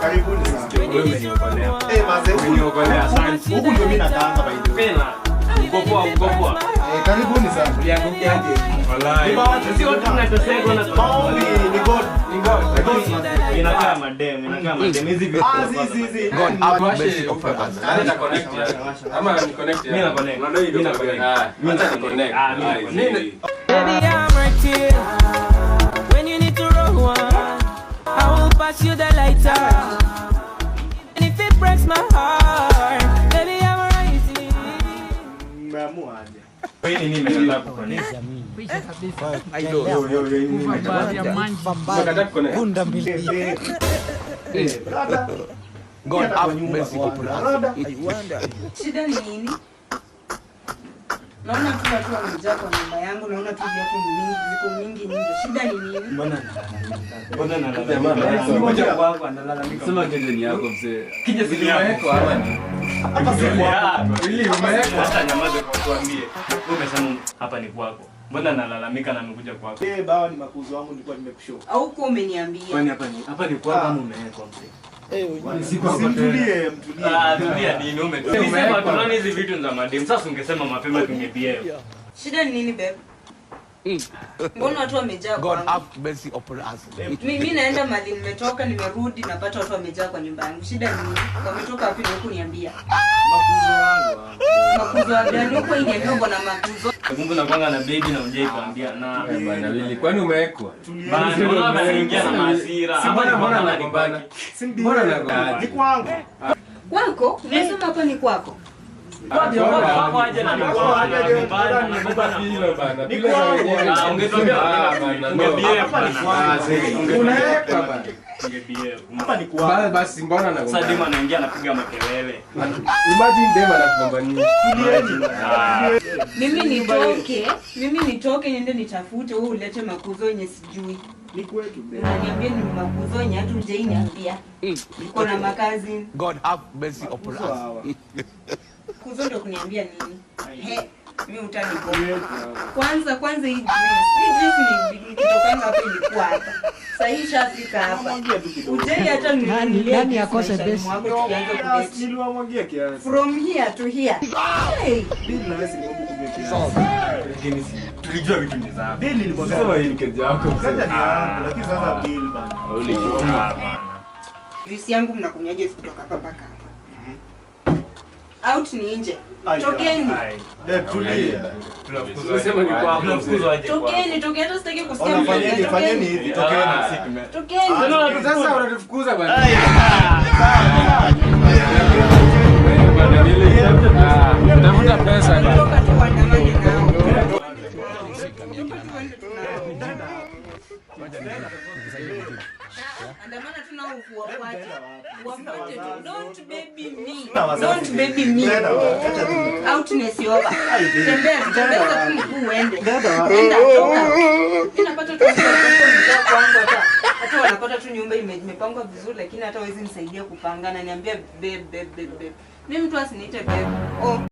Karibuni sana. Huku ndio mimi nakaanga by the way. Uko poa, uko poa. Karibuni sana. Wallahi. Sisi wote tunateseka na maombi ni God, ni God. Inakaa madem, inakaa madem hizi vitu. Ah, si si si. God up basic of us. Ana connect. Ama ni connect. Mimi na connect. Mimi na connect. Mimi na connect. Ah, mimi. Baby, I'm right here. When you need to roll one, I will pass you the Shida ni eh, nini? Naona tu watu wamejaa kwa nyumba yangu, naona tu viatu mingi ziko mingi nje. Shida ni nini? Mbona mbona nalalamika? Mmoja wako analalamika. Sema kile ni yako mzee. Kija siliweko hapa hapa ni kwako. Mbona nalalamika na nimekuja kwako? Eh, bawa ni makuzo wangu nilikuwa nimekushoka. Au kwa umeniambia? Kwani hapa ni hapa ni kwako ah. ama umewekwa mzee? Eh, mtulie, mtulie. Ah, tulia nini umetulia? Sema tunaona hizi vitu za madem. Sasa ungesema mapema tungepia Shida ni nini bebe? Eh. Mbona watu wamejaa God have mercy upon us. Mimi naenda mali nimetoka nimerudi napata watu wamejaa kwa nyumba yangu. Shida ni wametoka wapi na huko niambia. Makuzo wangu. Makuzo wangu ni huko ingeniambia na makuzo. Mungu na kwanga na baby na unje kaambia na eh, bwana eh, lili kwani umewekwa? Bana unaingia na hasira. Si bwana mbona anagombana? Si mbona anagombana? Ni kwangu. Kwako? Unasema hapa ni kwako mimi nitoke mimi nitoke niende nitafute ulete makuzo enye sijui ni ni makuzo yenye hatu niko na makazi siku zote kuniambia nini? He, mimi utani kwanza kwanza hii dress. Hii dress ni kitokanga hapa ilikuwa hapa. Sasa hii shafika hapa. Utei hata nani nani akose besi. mwangia kiasi. From here to here. Ah! Hey, bila basi nimekuja kiasi. Tulijua vitu ni za. Bill nilikwambia sema hii ni kazi yako. Kazi ni yangu, lakini sasa bill bana. Ulijua bana. Dress yangu mnakunyaje kutoka hapa mpaka hapa? out ni nje. Tokeni. Eh, tulia. Tunafukuzwa. ni kwako. Tunafukuzwa. Tokeni, tokeni tusitaki kusikia. Fanyeni, fanyeni hivi, tokeni msikume. Ah. Tokeni. Ah, Sasa unatufukuza bwana. Ah. Tafuta pesa bwana. Ngoja ndio wanapata tu nyumba imepangwa vizuri lakini hata wezi nisaidia kupanga na niambia bebe bebe mtu asiniite bebe